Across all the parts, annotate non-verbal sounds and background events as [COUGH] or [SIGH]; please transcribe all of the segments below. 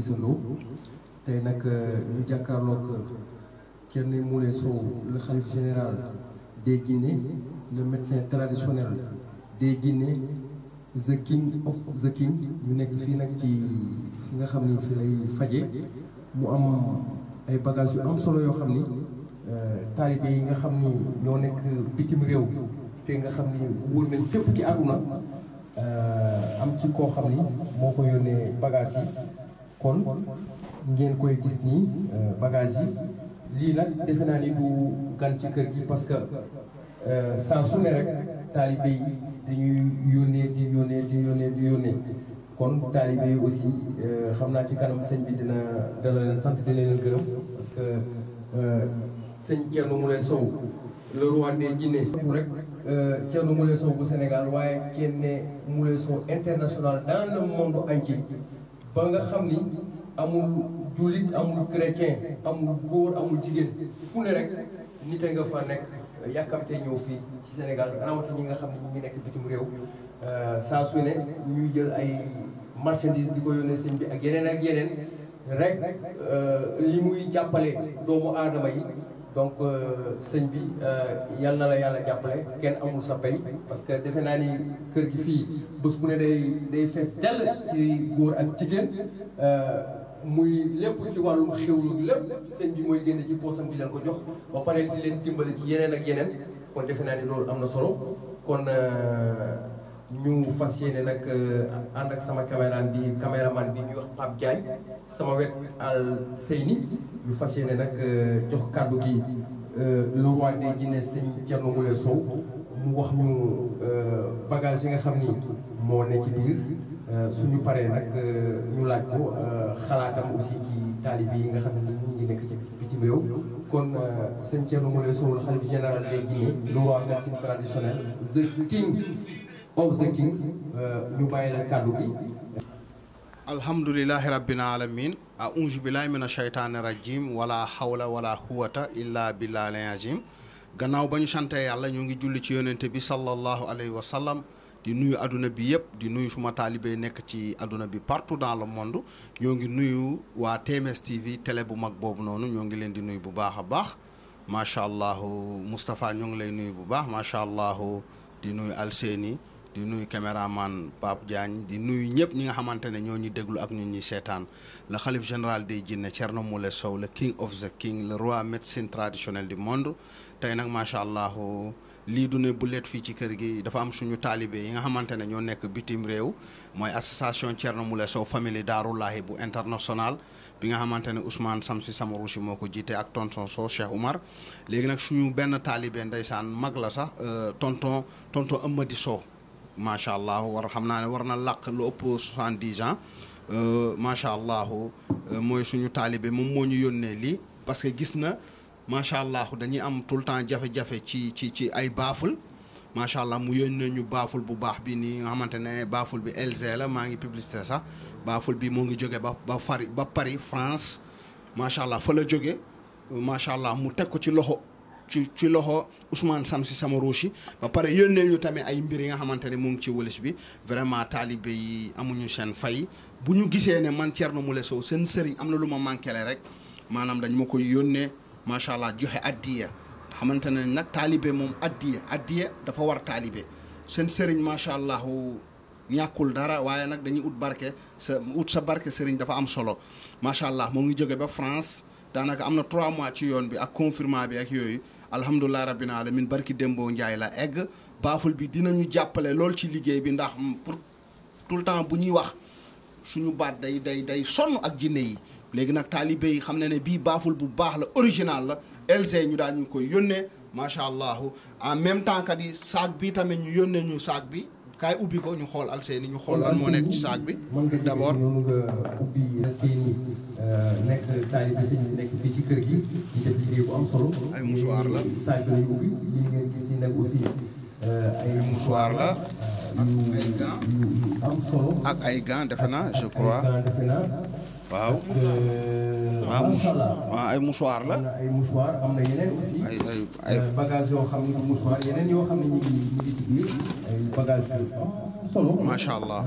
gisandoo tey nag euh, ñu jàkkaarloog Thierno Moule Sow le xalif général des Guinées le médecin traditionnel des Guinées the of the ñu nekk fii nag ci fi nga xam ni fi lay faje mu am ay bagages yu am solo yoo xam ni euh, taalibe yi nga xam ni ñoo nekk bitim réew te nga xam ni wër nañ fépp ci àdduna euh, am ci koo xam ni moo ko yónnee bagages yi kon ngeen koy gis nii euh, bagage yi lii nag defe naa ni du gan ci kër gi parce que euh, saa su ne rek taalibe yi dañuy yónnee di yónnee di yónnee di yónnee kon taalibe yi aussi euh, xam naa ci kanam sëñ bi dina dala leen sant dina leen gërëm parce que sëñ Thierno Moule Sow le roi des Guinée rek Thierno Moule Sow bu Sénégal waaye kenn Moule Sow international dans le monde entier ba nga xam ni amul jullit amul chrétien amul góor amul jigéen fu ne rek nit a nga fa nekk yàkkamte ñëw fii ci Sénégal rawatina ñi nga xam ne ñu ngi nekk bitim réew euh, saa su ne ñuy jël ay marchandise di ko yónnee sëñ bi ak yeneen ak yeneen rek euh, li muy jàppale doomu aadama yi donc euh, sëñ bi euh, yal na la yàlla jàppale kenn amul sa pay parce que defe naa ni kër gi fii bés bu ne day day fees dell ci góor ak jigéen euh, muy lépp ci wàllum xewlu lépp sëñ bi mooy génne ci poosam bi leen ko jox ba pare di leen dimbali ci yeneen ak yeneen kon defe naa ni loolu am na solo kon. ñu fas yéene nag euh, ànd ak sama caméraman bi caméraman bi ñuy wax Pape Diagne sama wet al Seyni ñu fas yéene nag euh, jox kàddu gi euh, le roi des dîners sëñ Thierno Moule Sow mu wax ñu bagage yi nga xam ni moo ne ci biir suñu paree laaj ko xalaatam aussi ci taalibe nekk ci bitim réew kon sëñ Thierno Moule Sow la xalifa général des dîners le roi médecine traditionnelle the of the king ñu bàyyi la kàddu gi alhamdulilahi rabbil alamin aouzu billahi min ashaytaani rajim wala hawla wala quwata illa billahi al gannaaw ba ñu sante yàlla ñoo ngi julli ci yonente bi sallallahu alayhi wa sallam di nuyu àdduna bi yëpp di nuyu suma taalibe nekk ci àdduna bi partout dans le monde ñoo ngi nuyu waa TMS TV tele bu mag boobu noonu ñoo ngi leen di nuyu bu baax a baax macha allah Moustapha ñoo ngi lay nuyu bu baax macha allah di nuyu Alseeni di nuyu caméraman Pape Diagne di nuyu ñëpp ñi nga xamante ne ñoo ñu déglu ak ñun ñi seetaan le xalif général des jinne Thierno Moule Sow la king of the king le roi médecine traditionnelle du monde tey nag macha allah lii du ne bu leet fii ci kër gi dafa am suñu taalibe yi nga xamante ne ñoo nekk bitim réew mooy association Thierno Moule Sow famille Daarullahi bu international bi nga xamante ne Ousmane Samsi Samarouchi moo ko jiite ak tonton Sow Cheikh Oumar léegi nag suñu benn taalibe ndeysaan mag la sax euh, tonton tonton Amady Sow macha allah war xam naa ne war na làq lu ëpp soixante-dix ans euh, macha allah euh, mooy suñu taalibe moom moo ñu yónnee lii parce que gis na macha allah dañuy am tout le temps jafe-jafe ci ci ci ay baaful macha allah mu yónnee ñu baaful bu baax bi nii nga xamante ne baaful bi LG la maa ngi publicité sax baaful bi moo ngi jóge ba ba fari ba Paris France macha allah fa la jóge macha allah mu teg ko ci loxo. ci ci loxo Ousmane Samsi Samarouchi ba pare yónnee ñu tamit ay mbir yi nga xamante ne mu ci wëlis bi vraiment taalibe yi amuñu seen fay bu ñu gisee ne man Thierno Moule Sow seen sëriñ am na lu ma manqué rek maanaam dañu ma koy yónnee macha allah joxe addiya xamante ne nag taalibe moom addiya addiya dafa war taalibe seen sëriñ macha allah ñàkkul dara waaye nag dañuy ut barke sa ut sa barke sëriñ dafa am solo macha allah moom ngi jóge ba France daanaka am na trois mois ci yoon bi ak confinement bi ak yooyu alhamdulilah rabbil alamin barki démboo Ndiaye la egg baaful bi dinañu jàppale lool ci liggéey bi ndax pour tout le temps bu ñuy wax suñu baat day day day sonn ak jinne yi léegi nag taalibe yi xam ne ne bii baaful bu baax la original la LG ñu daal ñu koy yónnee macha allah en même temps kat yi saag bi tamit ñu yónnee ñu saag bi kaay ubbi ko ñu xool Alseyni ñu xool lan moo nekk ci saag bi d'abord. nekk taalibe sëñ nekk fii ci kër gi di def liggéey bu am solo. ay mouchoir la stage euh, la la. Euh, am solo. ak ay gants defe naa je crois. ay gants euh, ay mouchoir la. ay mouchoir am na yeneen aussi. ay ay yoo xam ne du yeneen yoo xam ne ñu ci biir. ay bagages yu am solo. macha allah.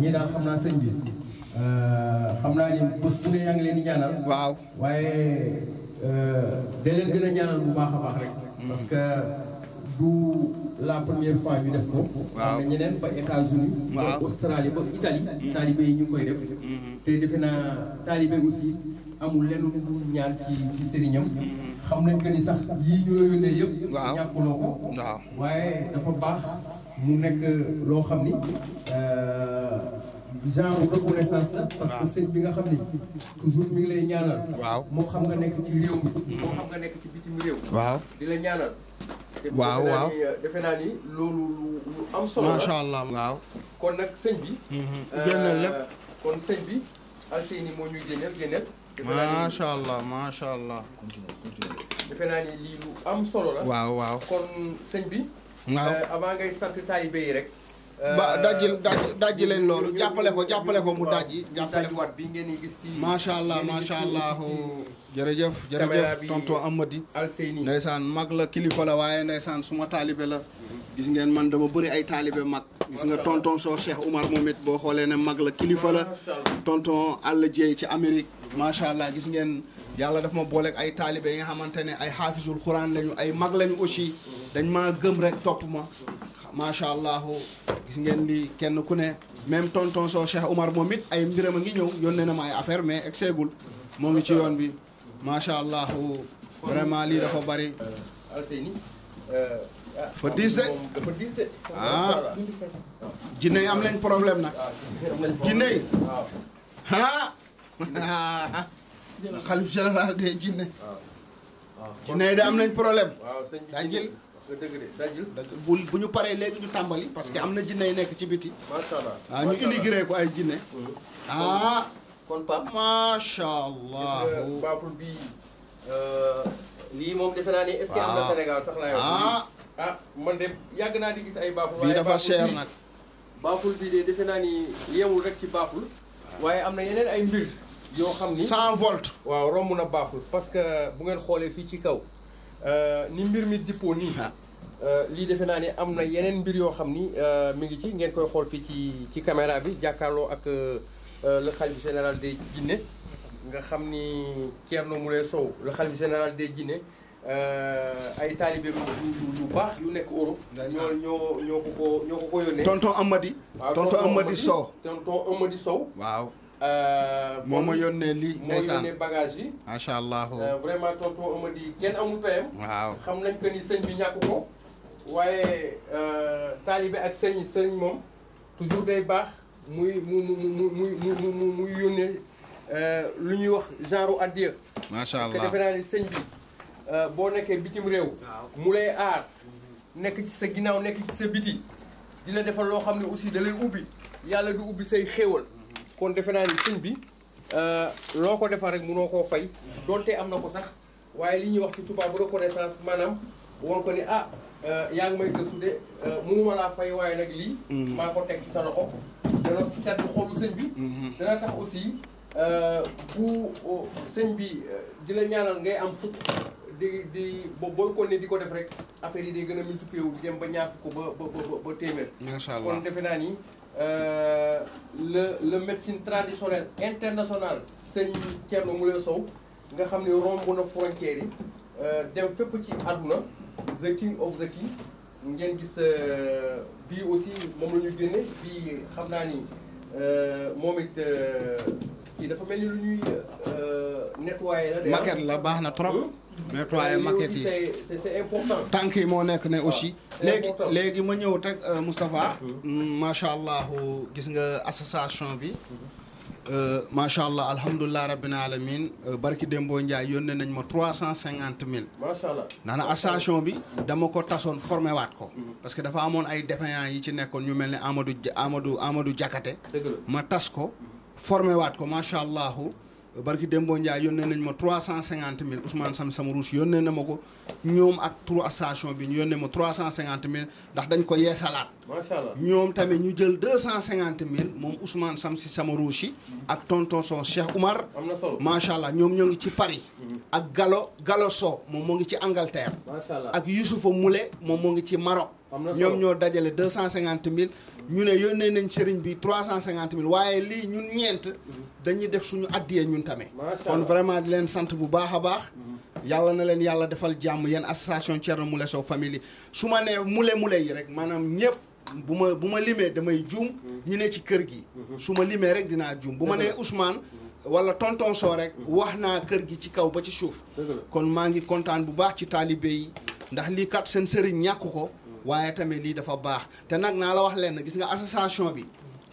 ñii daal xam naa sëñ Euh, xam naa ni bu ne yaa ngi leen di ñaanal. waaw waaye euh, da leen gën a ñaanal bu baax a baax rek. Mm. parce que du la première fois ñu def ko. waaw xam na ñeneen ba États-Unis ba Australie ba Italie. Mm. taalibe yi ñu koy def. Mm-hmm. te defe naa taalibe aussi amul lenn lu ñaan ci ci sëriñam. Mm-hmm. xam nañ que ni sax yii ñu la yónnee yëpp. ñàkkuloo ko. waaye dafa baax mu nekk loo xam ni. Euh, genre reconnaissance la parce que sëñ bi nga xam ni toujours mi ngi lay ñaanal waaw moo xam nga nekk ci réew mm-hmm. moo xam nga nekk ci bitim réew waaw di ñaanal waaw waaw kon sëñ bi génneel lépp kon macha allah macha la ngay sant taalibe yi rek ba dajji euh, dajji leen loolu jàppale ko jàppale ko mu dajj jàppale ko bi ngeen di gis macha allah macha allah jërëjëf jërëjëf tonton Amady. ndeysaan mag la kilifa la waaye ndeysaan suma taalibe la. gis ngeen man dama bëri ay taalibe mag. gis nga tonton soo Cheikh Oumar moom it boo xoolee ne mag la kilifa la. tonton àll jeey ci Amérique. macha allah gis ngeen. yàlla daf ma booleeg ay taalibe yi nga xamante ne ay xaafisul xuraan lañu ay mag lañu aussi. dañ maa gëm rek topp ma. macha allah gis ngeen li kenn ku ne même tonton soo Cheikh Oumar moom it ay mbiram a ngi ñëw yónnee na ma ay affaire mais egg seegul moo ngi ci yoon bi macha allah vraiment li dafa bari. Euh, ah, fa diis de ah jinne yi am nañ problème nag ah, jinne yi ah xalif [LAUGHS] général de jinne ah. jinne yi de am nañ problème daa dëgg de dajul bu bu ñu paree léegi ñu tàmbali. parce que am na jinne yi nekk ci biti. macha allah ah ñu immigré ko ay jinne. Hmm. ah. kon Pape macha allah. Baful bii euh, lii moom defe naa ni est-ce na ah. Sénégal sax laa yor. ah ah man de yàgg naa di gis ay Baful. waaye dafa cher nag. bii de defe naa ni yemul rek ci Baful. waaye am na yeneen ay mbir. yoo xam ni 100 volts. waaw romb na Baful parce que bu ngeen xoolee fii ci kaw. Euh, ni mbir mi dippoo nii. Ah. Euh, lii defe naa ni am na yeneen mbir yoo xam ni euh, mi ngi ci ngeen koy xool fii ci ci caméra bi jàkkaarloo ak le khalife général des Djinné nga xam ni Thierno Moule Sow le khalife général des Djinné ay taalibe yu baax yu nekk Europe. ñoo ñoo ñoo ko ko ñoo ko ko yónnee. tonton Amady. tonton Amady Sow tonton Amady Sow waaw. Euh, moom moo yónnee lii. ndeysaan moo yónnee bagage yi. macha allah euh, vraiment tontu Amady kenn amul payam. waaw xam nañ que ni sëñ bi ñàkk ko. waaye euh, taalibe ak sëñ sëñ moom toujours day baax muy mu mu mu mu mu muy yónnee lu ñuy wax genre addiya. macha allah parce que defe naa ni sëñ bi boo nekkee bitim réew. mu lay aar. nekk ci sa ginnaaw nekk ci sa biti. di la defal loo xam ne aussi da lay ubbi yàlla du ubbi say xéewal. kon defe naa ni sëñ bi euh, loo ko defal rek mënoo koo fay donte am na ko sax waaye li ñuy wax ci tubaab bu reconnaissance maanaam woon ko ni ah euh, yaa ngi may gëstu de euh, mënuma laa fay waaye nag lii. Mm-hmm. maa ko teg ci sa loxo. dana sedd xolu sëñ bi. Mm-hmm. danaa tax aussi bu sëñ bi di la ñaanal ngay am fukk di di boo kon ne di ko def rek affaire yi day gën a multiplier wu dem ba ñaar fukk ba ba ba téeméer. macha allah kon defe naa nii euh, le le médecine traditionnelle internationale sëñ Thierno Moule Sow nga xam ne romb na frontières yi euh, dem fépp ci àdduna the king of the king ngeen gis euh, bii aussi moom la génne bii xam naa ni euh, moom it. kii dafa mel ni lu ñuy euh, nettoyer la. baax na trop. Hmm? nettoyer maquette yi tànk yi moo nekk ne aussi. léegi léegi ma ñëw teg euh, Moustapha. Hmm. Hmm, macha allah gis nga association bi. Euh, macha allah alhamdulilah rabbil alamin barki Dembo Ndiaye yónnee nañ ma trois cent cinquante mille. macha allah naana association bi dama ko tasoon formé waat ko. parce que dafa amoon ay défaillants yi ci nekkoon ñu mel ni amadu Amadou Amadou Diakhaté ma tas ko. formé waat ko macha allah barki Dembo Ndiaye yónnee nañ ma trois cent cinquante mille Ousmane Sam Sam Rouge yónnee na ma ñoom ak trois station bi ñu yónnee ma trois cent cinquante mille ndax dañ ko yeesalaat. macha allah ñoom tamit ñu jël deux cent cinquante mille moom Ousmane Sam si sama Rouge yi ak tonton son Cheikh Oumar. am na solo macha allah ñoom ñoo ngi ci Paris. Mm-hmm. ak galo galo soo moom moo ngi ci Angleterre. macha allah ak Youssoufa Moulé moom moo ngi ci Maroc. ñoom ñoo dajale deux cent cinquante mille. ñu ne yónnee nañ sëriñ bi trois cent cinquante mille waaye lii ñun ñeent dañuy def suñu addiyee ñun tamit kon vraiment di leen sant bu baax a baax mm-hmm. yàlla na leen yàlla defal jàmm yéen association mu Moule Sow famille su ma nee mule mule yi rek maanaam ñëpp bu ma bu ma limee damay jum mm-hmm. ñu ne ci kër gi mm-hmm. su ma limee rek dinaa jum bu ma nee Ousmane wala tonton Sow rek wax naa kër gi ci kaw ba ci suuf kon maa ngi kontaan bu baax ci taalibe yi ndax lii kat seen sëriñ ñàkk ko waaye tamit lii dafa baax te nag naa la wax leen na gis nga association bi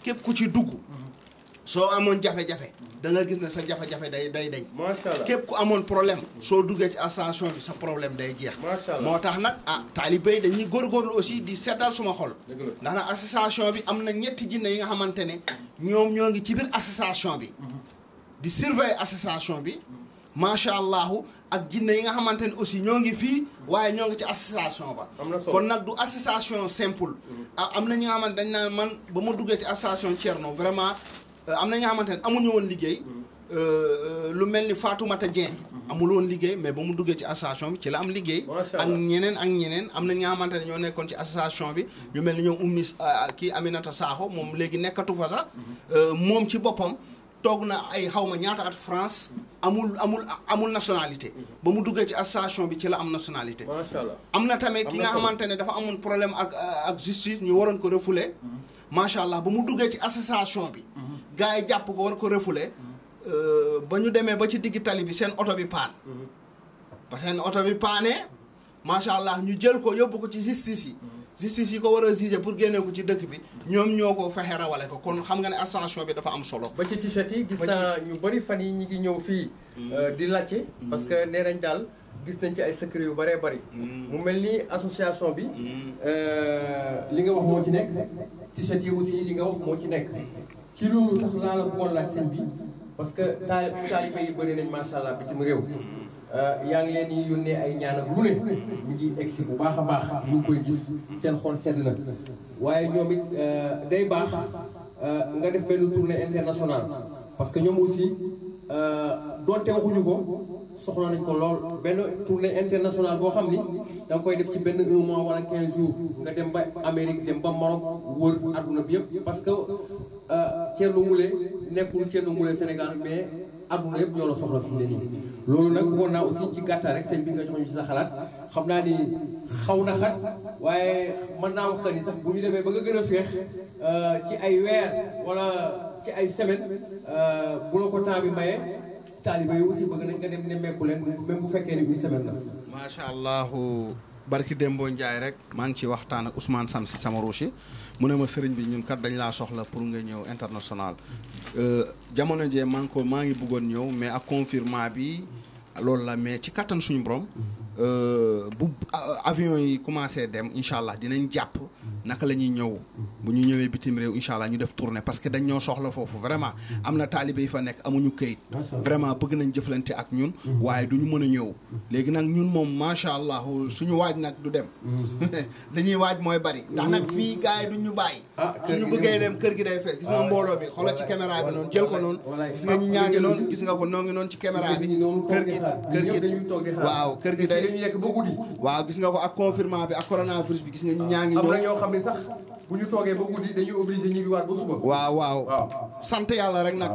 képp ku ci dugg soo amoon jafe-jafe da gis ne sa jafe-jafe day day dañ macha képp ku amoon problème soo duggee ci association bi sa problème day jeex moo tax nag ah taalibe yi dañuy góorgóorlu aussi di seddal suma xol ndax nag association bi am na ñetti jinne yi nga xamante ne ñoom ñoo ngi ci biir association bi mm-hmm. di surveiller association bi macha allahu ak jinne yi nga xamante ne aussi ñoo ngi fii waaye ñoo ngi ci association ba kon nag du association simple ah am na ñi nga xamante dañ naan man ba ma duggee ci association Thierno vraiment euh, am na ñi nga ne amuñu woon liggéey mm-hmm. euh, euh, lu mel ni Fatoumata Dieng mm-hmm. amul woon liggéey mais ba mu duggee ci association bi ci la am liggéey ak ñeneen ak ñeneen am na ñi nga xamante ne ñoo nekkoon ci association bi ñu mel ni ñoom ummi kii Aminata Sakho moom léegi nekkatu fa sax mm-hmm. moom ci boppam toog na ay xaw ma ñaata at France amul amul amul nationalité. Mhm. ba mu duggee ci association bi ci la am nationalité. macha allah am na tamit ki nga xamante ne dafa amoon problème ak euh, ak justice ñu waroon ko refoulé. Mhm. macha allah ba mu duggee ci association bi. Mhm. gars yi jàpp ko war ko refoulé. Euh, ba ñu demee ba ci digg tali bi seen oto bi paan. parce que seen oto bi paane macha allah ñu jël ko yóbbu ko ci justice yi. justice yi ko war a juger pour génne ko ci dëkk bi ñoom ñoo ko fexe rawale ko kon xam nga ne ascension bi dafa am solo. ba ci t-shirt yi gis naa ñu bëri fan yi ñu ngi ñëw fii. Mm. Euh, di laajte. Mm. parce que nee reñ daal gis nañ ci ay secret yu bëree bëri. Mm. mu mel ni association bi. Euh, li nga wax moo ci nekk. t-shirt yi aussi li nga wax moo ci nekk. ci loolu sax laa la bëggoon laaj sëñ bi parce que taalibe yi bëri nañ macha allah bitim réew. Euh, yaa ngi leen di yónnee ay ñaan ak lu ne ñu ngi egsi bu baax a baax ñu ngi koy gis seen xol sedd na waaye ñoom it euh, day baax euh, nga def benn tournée internationale parce que ñoom aussi doonte waxuñu ko soxla nañ ko lool benn tournée internationale boo xam ni danga koy def ci benn un mois wala 15 jours nga dem ba Amérique dem ba Maroc wër àdduna bi yëpp parce que Thierno Moule nekkul Thierno Moule Sénégal mais. àdduna yëpp ñoo la soxla fi ne nii loolu nag bëggoon naa aussi ci gàttal rek sëñ bi nga jox ñu ci xam naa ni xaw na xat naa wax ni sax bu ñu demee ba nga gën a féex euh, ci ay weer wala ci ay semaine euh, bu la bi maye taaliba yi aussi bëgg nañ nga dem nemmeeku leen bu fekkee ni une semaine la. macha allah barki Dembo Ndiaye rek. maa ngi ci waxtaan ak Ousmane Samsi Samarouchi. mu ne ma sëriñ bi ñun kat dañ laa soxla pour nga ñëw international euh, jamono jee maa ko maa ngi bëggoon ñëw mais ak confinement bi loolu la mais ci kattan suñu borom Euh, bu euh, avion yi commencé dem incha allah dinañ jàpp naka la ñuy ñëw bu ñu ñëwee bitim réew incha allah ñu def tournée parce que dañ ñoo soxla foofu vraiment am na taalibe yi fa nekk amuñu këyit vraiment bëgg nañ jëflante ak ñun mhm. waaye du ñu mën a ñëw léegi nag ñun moom macha allah suñu waaj nag du dem mhm. [LAUGHS] li waaj mooy bari ndax nag fii gars yi duñ ñu bàyyi ah, suñu bëggee dem kër gi day fees gis nga ah, mbooloo bi xoolal ci caméra bi noonu jël ko noonu gis nga ñu ñaa ah, ko noo ngi ci caméra bi kër gi kër lekk lekk ba guddi waaw gis nga ko ak confinement bi ak coronavirus bi gis nga ñu ñaa ngi ñëw am na ñoo xam ne sax bu ñu toogee ba guddi dañuy obligé ñibbi yàlla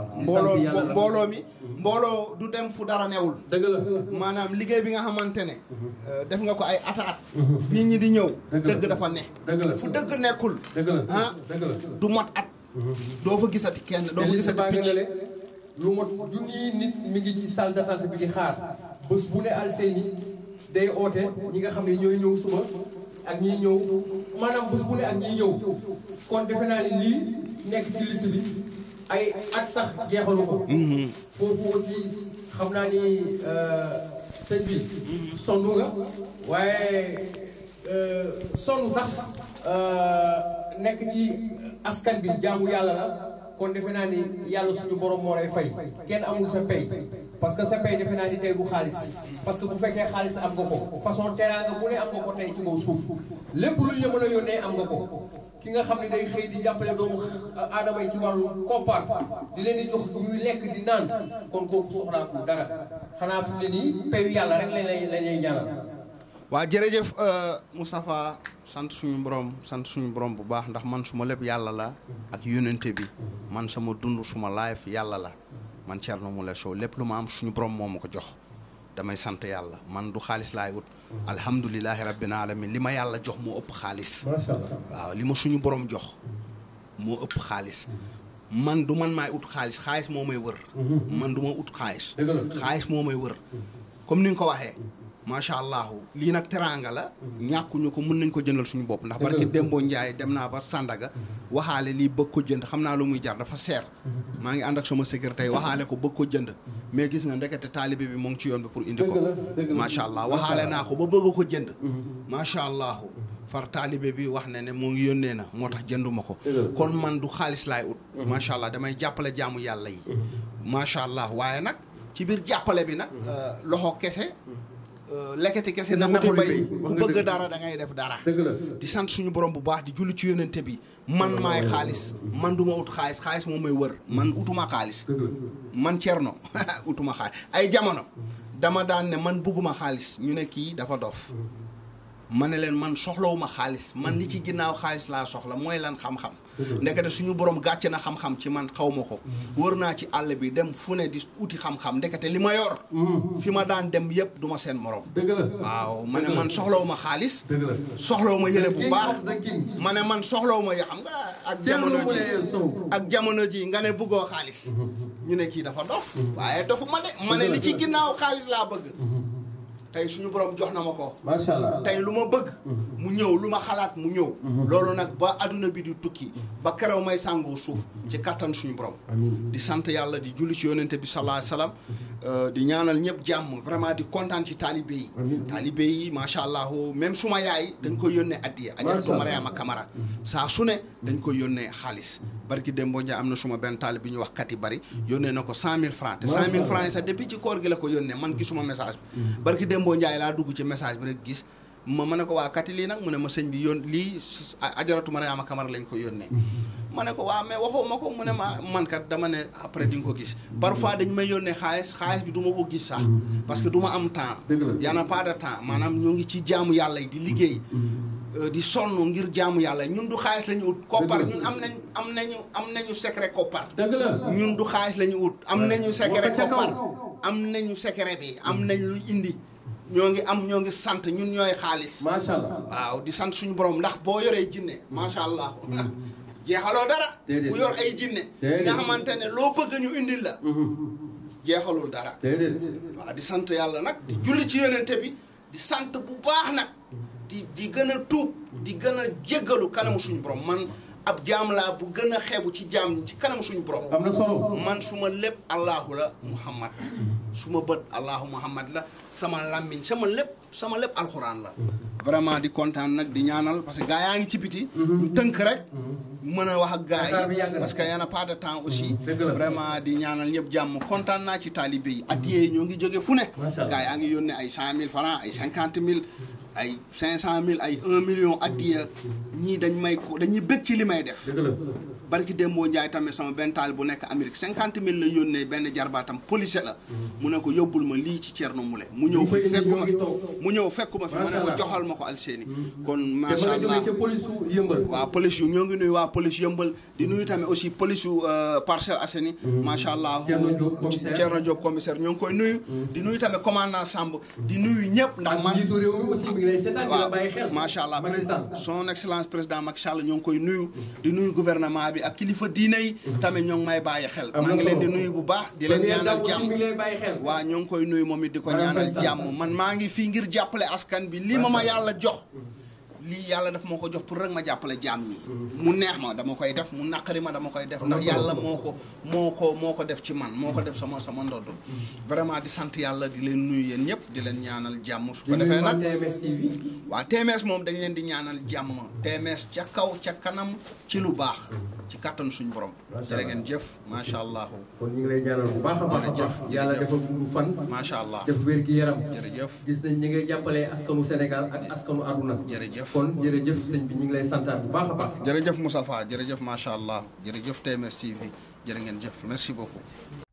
mbooloo mi mbooloo du dem fu dara newul dëgg la maanaam liggéey bi nga xamante ne mhm. euh, def nga ko ay ataat mhm. nit ñi di ñëw dëgg dafa ne dëgg la fu dëgg nekkul dëgg la ah dëgg du mot at mhm. doo fa gisati kenn doo fa gisati picc lu mot mi ngi ci salle d'attente bi di xaar bu ne alseyni day oote ñi nga xam ne ñooy ñëw suba ak ñiy ñëw maanaam bés bu ne ak ñiy ñëw kon defe naa ne lii nekk ci liste bi ay at sax jeexalu ko. Mhm. foofu aussi xam naa ni euh, sëñ bi. sonn nga waaye euh, sonn sax euh, nekk ci askan bi jaamu yàlla la. kon defe naa ni yàlla suñu borom moo lay fay kenn amul sa pay parce que sa pay defe naa ni tey du xaalis parce que bu fekkee xaalis am nga ko façon teraanga mu ne am nga ko tey ci kaw suuf lépp luñ la a yónnee am nga ko ki nga xam ne day xëy di jàppale doomu aadama yi ci wàllu koppar di leen di jox ñuy lekk di naan kon kooku soxlaatul dara xanaa fi ne nii payu yàlla rek lañ lay lañ lay ñaanal waa jërëjëf euh, Moustapha sant suñu borom sant suñu borom bu baax ndax man suma lépp yàlla la ak yónnente bi man sama dund suma life yàlla la man Thierno Moule Sow lépp lu ma am suñu borom moo ma ko jox damay sant yàlla man du xaalis laay wut alhamdulilahi rabbil alamin li ma yàlla jox moo ëpp xaalis waaw li ma suñu borom jox moo ëpp xaalis man du man maay ut xaalis xaalis moo may wër mhm. man du ma ut xaalis xaalis moo may wër comme ni nga ko waxee macha allah lii nag teraanga la. ñàkkuñu ko mën nañ ko jëndal suñu bopp. ndax barki Dembo Ndiaye dem naa ba Sandaga. waxaale lii bëgg ko jënd xam naa lu muy jar dafa seer. maa ngi ànd ak sama sécurité waxaale ko bëgg ko jënd. mais gis nga ndekete taalibe bi moo ngi ci yoon bi pour indi ko. macha allah waxaale naa ko ba bëgg ko jënd. Mm-hmm. macha allah. far taalibe bi wax na ne moo ngi yónnee na moo tax jënduma ko kon man du xaalis laay ut mm-hmm. macha allah damay jàppale jaamu yàlla yi mm-hmm. macha allah waaye nag ci biir jàppale bi nag euh, kese Euh, lekkati kese naxuti bay ku bëgg dara da ngay def dara di sant suñu borom bu baax di julli ci yónnente bi man maay xaalis man du ma ut xaalis xaalis moom may wër man utuma xaalis man cerno [LAUGHS] utuma xaalis ay jamono dama daan ne man bugguma xaalis ñu ne kii dafa dof mm-hmm. ma ne leen man soxlawuma xaalis man li ci ginnaaw xaalis laa soxla mooy lan xam-xam ndekete suñu borom gàcce na xam-xam ci man xaw ma ko mhm. wër naa ci àll bi dem fu ne di uti xam-xam ndekete li ma yor mhm. fi ma daan dem yëpp du ma seen moroom waaw ma ne man soxlawuma xaalis soxlawuma yële bu baax ma ne man soxlawuma yi xam nga ak jamono ji ak jamono ji nga ne bëggoo xaalis mhm. ñu ne kii dafa dof waaye dofu ma ne ma ne li ci ginnaaw xaalis laa bëgg tey suñu borom jox na ma ko. macha allah tey lu ma bëgg. Mm-hmm. mu ñëw lu ma xalaat mu ñëw. Mm-hmm. loolu nag ba adduna bi di tukki. ba kerew may sàngoo suuf. ci kattan suñu borom. di sant yàlla di julli ci yonente bi salaa salaam. Euh, di ñaanal ñëpp jàmm vraiment di kontaan ci taalibe yi. taalibe yi macha allah même suma yaay dañ koy yónnee addiya. macha allah Mariama Camara mm-hmm. saa su ne dañ koy yónnee xaalis. barki dem boo am na suma benn taal bi ñu wax kat yi bari mm-hmm. yónnee na ko cent mille francs te cent mille francs yi sax depuis ci koor gi la ko yónnee man gisuma message bi mm-hmm. barki dem njaay laa dugg ci message bi rek gis ma mën ne ko waa kat yi lii nag mu ne ma sëñ bi yoon lii ajaratu lañ ko yónnee mm-hmm. ma ne ko waa mais waxoo ma ko mu ne ma man kat dama ne après di nga ko gis parfois dañ may yónnee xaalis xaalis bi duma ma ko gis sax parce que du am temps y a pas de temps maanaam ñoo ngi ci jaamu yàlla yi di liggéey Euh, di sonn ngir jaamu yàlla ñun du xaalis la ñu ut. koppar ñun am nañ am nañu am nañu secret koppar. ñun du xaalis la ñu ut. am nañu secret koppar am nañu secret bi am mm. nañ lu indi. ñoo ngi am ñoo ngi sant ñun ñooy xaalis. macha waaw di sant suñu borom ndax boo yoree jinne mm. macha allah. Mm. [LAUGHS] jeexaloo dara. bu yor jinne nga xamante ne loo bëgg ñu indil la. Mm-hmm. jeexalul dara. waaw di sant yàlla nag di julli ci yonente bi di sant bu baax nag. di di gën a tuub di gën a jéggalu kanamu suñu borom man ab jaam laa bu gën a xeebu ci jaam ci kanamu suñu borom am na man suma ma lépp allahu la muhammad su ma bët allahu muhammad la sama làmmiñ sama lépp sama lépp alxuraan la vraiment di kontaan nag di ñaanal parce que gars yaa ngi ci biti mhm. ñu tënk rek mën a wax a gars yi parce que y en pas de temps aussi mhm. vraiment di ñaanal ñëpp jàmm kontaan naa ci taalibe yi addiyee ñoo ngi jóge fu ne gars yaa ngi yónnee ay cent mille francs ay cinquante mille ay cinq cent mille ay un million addiya ñii dañ may ko dañuy bëgg ci li may def barki Dembo Ndiaye tamit sama benn taal bu nekk Amérique cinquante mille la yónnee benn jarbaatam policier la. Mhm. mu ne ko yóbbul ma lii ci Thierno Moule. mu ñëw fekkuma mu ñëw fekkuma fi mu ne ko joxal ma ko Alseni. Mhm. kon macha allah te police yu yëmbal. waaw police yu ñoo ngi nuyu waa police yëmbal di nuyu tamit aussi police yu euh, Parcelles Assainies. Mhm. macha allah Thierno Diop commissaire ñoo ngi koy nuyu. di nuyu tamit commandant Samb. di nuyu ñëpp ndax man. jiitu réew mi aussi mi ngi lay président Macky Sall ñoo ngi koy nuyu. di nuyu gouvernement bi ak kilifa diine yi tamit ñoom ngi may bàyyi xel maa ngi leen di nuyu bu baax di leen ñaanal jàmm waa ñoo ngi koy nuyu moom it di ko ñaanal jàmm man maa ngi fii ngir jàppale askan bi lii ma ma yàlla jox lii yàlla daf moo ko jox pour rek ma jàppale jaam ñi mm-hmm. mu neex ma dama koy def mu naqari ma dama koy def ndax yàlla moo ko moo ko moo ko def ci man moo ko def sama sama ndodd mm-hmm. di sant yàlla di leen nuyu yéen ñëpp di leen ñaanal jàmm su ko defee nag waa TMS moom dañ leen di ñaanal jàmm TMS ca kaw ca kanam ci lu baax mm-hmm. ci kàttan suñu borom. jërë ngeen jëf macha allah. kon ñu ngi lay ñaanal bu baax a baax a baax. yàlla dafa gudd fan. allah wér gi yaram. jërëjëf gis nañ ñi ngay jàppale askanu Sénégal ak askanu aduna. jërëjëf kon jërëjëf sëñ bi ñu ngi lay santaat bu baax a baax. jërëjëf Moustapha jërëjëf macha allah jërëjëf TMS TV jërë ngeen jëf merci beaucoup.